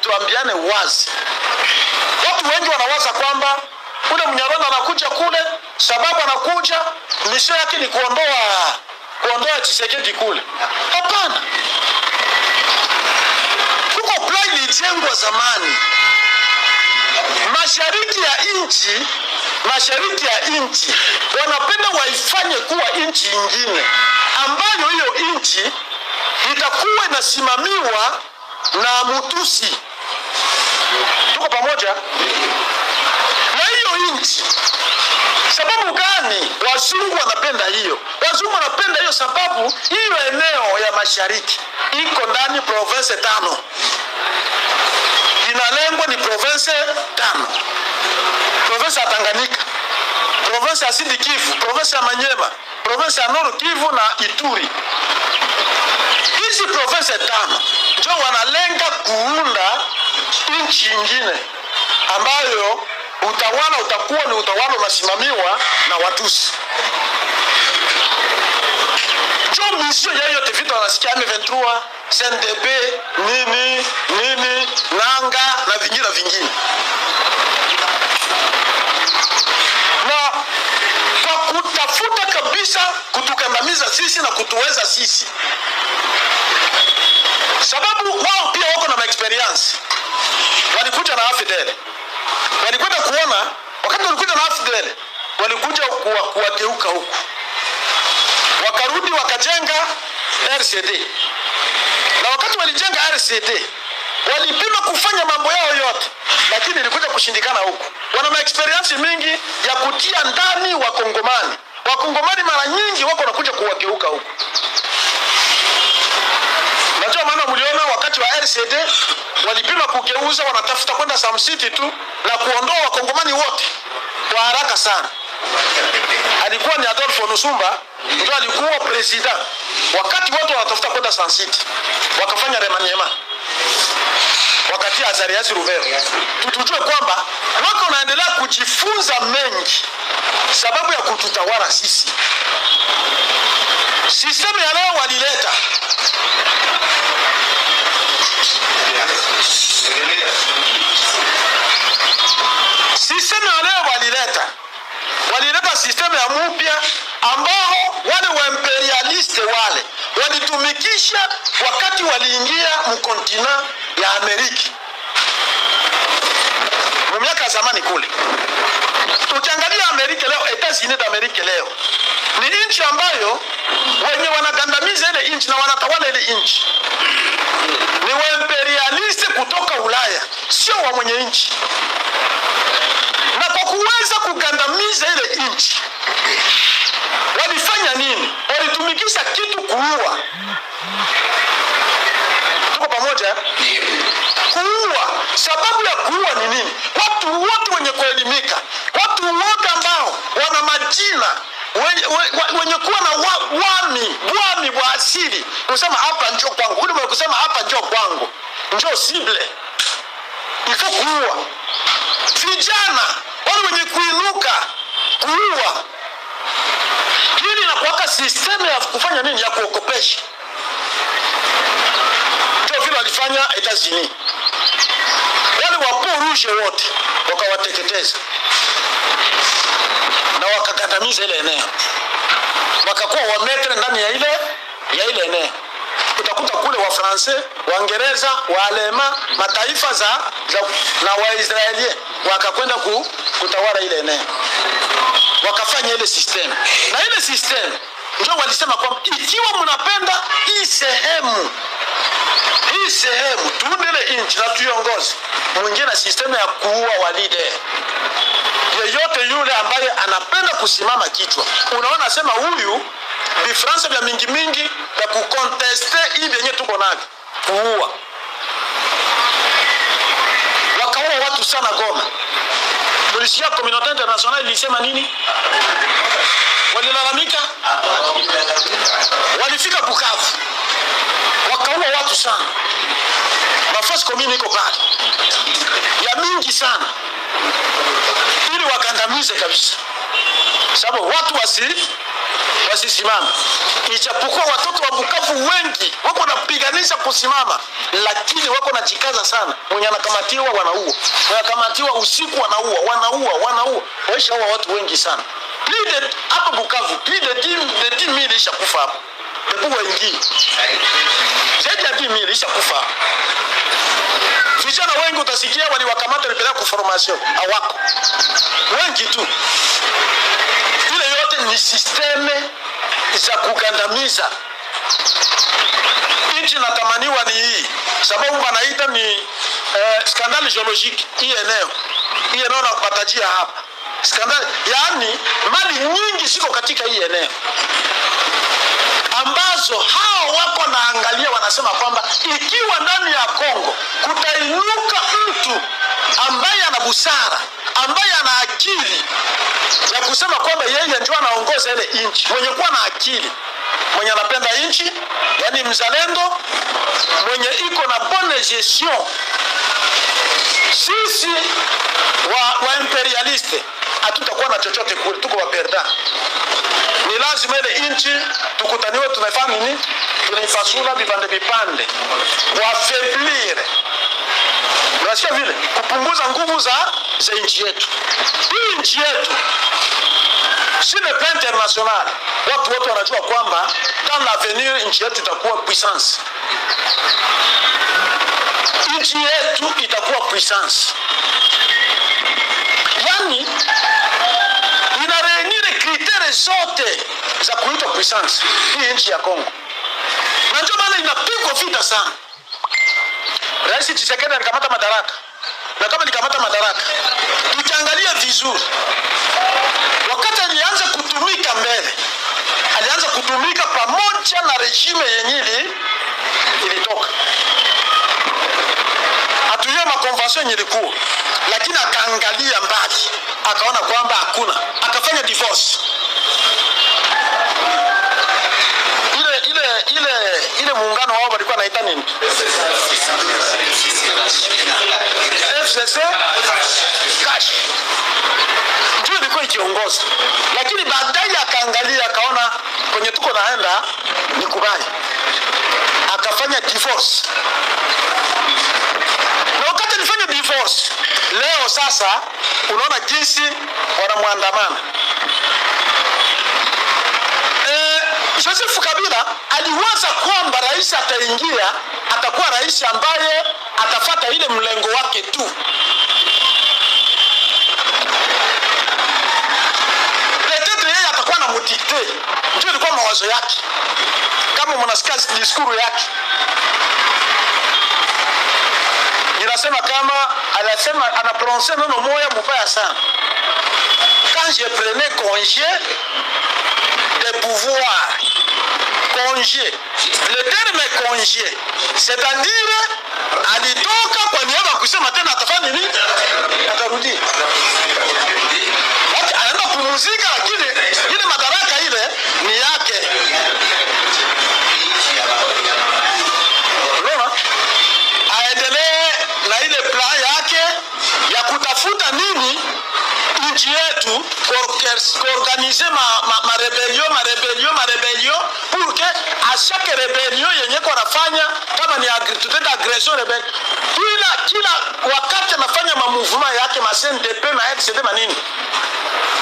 tuambiane wazi. Watu wengi wanawaza kwamba ule mnyarwanda anakuja kule sababu anakuja misio yake ni kuondoa kuondoa Tshisekedi kule. Hapana, huko plan ilijengwa zamani mashariki ya nchi mashariki ya nchi wanapenda waifanye kuwa nchi ingine ambayo hiyo nchi itakuwa inasimamiwa na Mutusi, tuko pamoja na hiyo nchi. Sababu gani wazungu wanapenda hiyo? Wazungu wanapenda hiyo sababu hiyo eneo ya mashariki iko ndani province tano, inalengwa ni province tano: province ya Tanganyika, province ya Sidi Kivu, province ya Manyema, province ya Nord Kivu na Ituri. Hizi profesa tano ndio wanalenga kuunda nchi nyingine ambayo utawala utakuwa ni utawala unasimamiwa na Watusi. Njo misio ya yote vitu wanasikia M23, CNDP, nini nini, nanga na vingine na vingine na kwa kutafuta kabisa kutukandamiza sisi na kutuweza sisi walikuja kuwageuka huku, wakarudi wakajenga RCD, na wakati walijenga RCD walipima kufanya mambo yao yote, lakini ilikuja kushindikana huku. Wana maexperience mingi ya kutia ndani Wakongomani. Wakongomani mara nyingi wako wanakuja kuwageuka huku. Najua maana mliona wakati wa RCD walipima kugeuza, wanatafuta kwenda Sam City tu na kuondoa Wakongomani wote kwa haraka sana alikuwa ni Adolfo Nusumba ndio alikuwa president wakati watu wanatafuta kwenda San City, wakafanya remaniema wakati Azarias Ruver. Tutujue kwamba wako unaendelea kujifunza mengi sababu ya kututawala sisi. Sistemu ya leo walileta alileta sistemu ya mupya ambao wale waimperialiste wale walitumikisha wakati waliingia mkontina ya Ameriki mu miaka ya zamani kule. Tukiangalia Amerika leo, Etats-Unis da Amerika leo ni nchi ambayo wenye wanagandamiza ile nchi na wanatawala ile nchi ni waimperialiste kutoka Ulaya, sio wa mwenye nchi. kuna majina wenye, kuwa na wami wami wa asili unasema hapa njoo kwangu, ule mwenye kusema hapa njoo kwangu, njoo sible iko kuua vijana wale wenye kuinuka kuua. Hili inakuwaka sisteme ya kufanya nini, ya kuokopesha. Ndio vile walifanya Etazini, wale wapo rushe wote wakawateketeza na wakakandamiza ile eneo, wakakuwa wametre ndani ya ile ya ile eneo. Utakuta kule Wafransa, Waingereza, Waalema, mataifa za, za na Waisraeli wakakwenda ku, kutawala ile eneo, wakafanya ile system na ile system ndio walisema kwamba ikiwa mnapenda hii sehemu hii sehemu ile inchi na tuiongozi, mwingine na system ya kuua walide yule ambaye anapenda kusimama kichwa. Unaona, sema huyu vifaransa vya mingi mingi vya kukonteste hii yenye tuko navyo, kuua. Wakaua watu sana Goma. Polisia komunote international ilisema nini? Walilalamika, walifika Bukavu wakaua watu sana, Mafasi komini iko pale nyingi sana ili wakandamize kabisa, sababu watu wasi wasisimama, ijapokuwa watoto wa Bukavu wengi wako napiganisha kusimama, lakini wako najikaza sana. Mwenye anakamatiwa wanaua, mwenye anakamatiwa usiku wanaua, wanaua, wanaua, waisha huwa watu wengi sana hapa Bukavu ishakufa hapa, wengi zaidi ya 10,000 ishakufa wengi utasikia waliwakamata walipeleka kwa formation, hawako wengi tu. Ile yote ni sisteme za kugandamiza nchi. Natamaniwa ni hii sababu wanaita ni eh, skandali geologique hii eneo hii eneo na hapa skandali, yaani mali nyingi ziko katika hii eneo ambazo hao wako naangalia, wanasema kwamba ikiwa ndani ya Kongo kutainuka mtu ambaye ana busara, ambaye ana akili ya kusema kwamba yeye ndio anaongoza ile nchi, mwenye kuwa na akili, mwenye anapenda nchi, yani mzalendo, mwenye iko na bonne gestion. Sisi wa, wa imperialiste hatutakuwa na chochote kule, tuko wa perda. Ni lazima ile nchi tukutaniwe, tunafanya nini? Tunaipasula vipande vipande, wafeblire nasikia vile kupunguza nguvu za, za nchi yetu. Hii nchi yetu si le plan international, watu wote wanajua kwamba dans l'avenir nchi yetu itakuwa puissance, nchi yetu itakuwa puissance yani sere zote za kuitwa puissance hii nchi ya Kongo, na ndio maana inapigwa vita sana. Rais Tshisekedi alikamata madaraka, na kama nikamata madaraka, tutaangalia vizuri. Wakati alianza kutumika mbele, alianza kutumika pamoja na regime yenyewe ilitoka atuye makonvention yenye ilikuwa, lakini akaangalia mbali, akaona kwamba hakuna, akafanya divorce kwamba alikuwa anaita nini FCC cash, ndio ilikuwa ikiongoza, lakini baadaye akaangalia akaona kwenye tuko naenda ni kubali, akafanya divorce Leo sasa unaona jinsi wanamwandamana. Joseph Kabila aliwaza kwamba rais ataingia atakuwa rais ambaye atafata ile mlengo wake tu. Petete yeye atakuwa na mudikte, ndio ilikuwa mawazo yake, kama mnasikia diskuru yake inasema kama anasema anaprononsia neno moya mubaya sana je prenais congé de pouvoir. Congé. Le terme congé, c'est-à-dire alitoka kwa niaba kusema tena atafanya nini, atarudi, anaenda kupumzika, lakini ile madaraka ile organiser ma, ma, ma rebellion ma rebellion ma rebellion pour que à chaque rebellion yenye konafanya kama ni tutenda agression rebel kila kila wakati anafanya ma mouvement yake ma CNDP ma RCD manini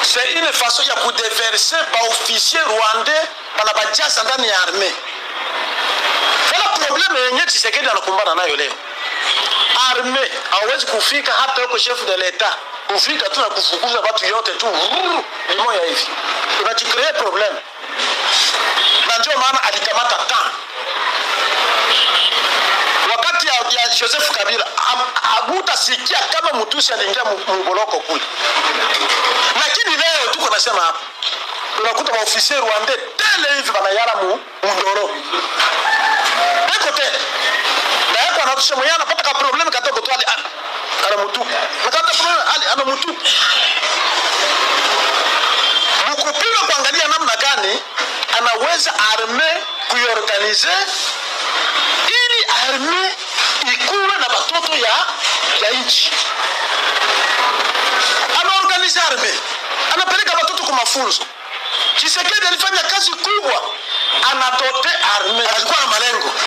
c'est une façon ya kudeverse ba officier rwandais bana bajaza ndani ya armée wala problème yenye Tshisekedi anakumbana nayo leo armée hawezi kufika hata huko chef de l'etat kufika tu na kufukuza watu yote tu limoya hivi, inajikree problem, na ndio maana alikamata ta wakati ya, ya Joseph Kabila hakutasikia kama Mutusi aliingia mboloko kule, lakini leo euh, tuko nasema hapa unakuta maofisia Rwanda tele hivi banayala mu mundoro eko tele na eko anatusha mwenye anapata ka problem katoko twali aramutuka nakata kuna ali kuangalia namna gani anaweza arme kuiorganize ili arme ikuwe na batoto ya, ya nchi anaorganize arme anapeleka batoto kwa mafunzo Chisekedi alifanya kazi kubwa, anadote arme, alikuwa na malengo.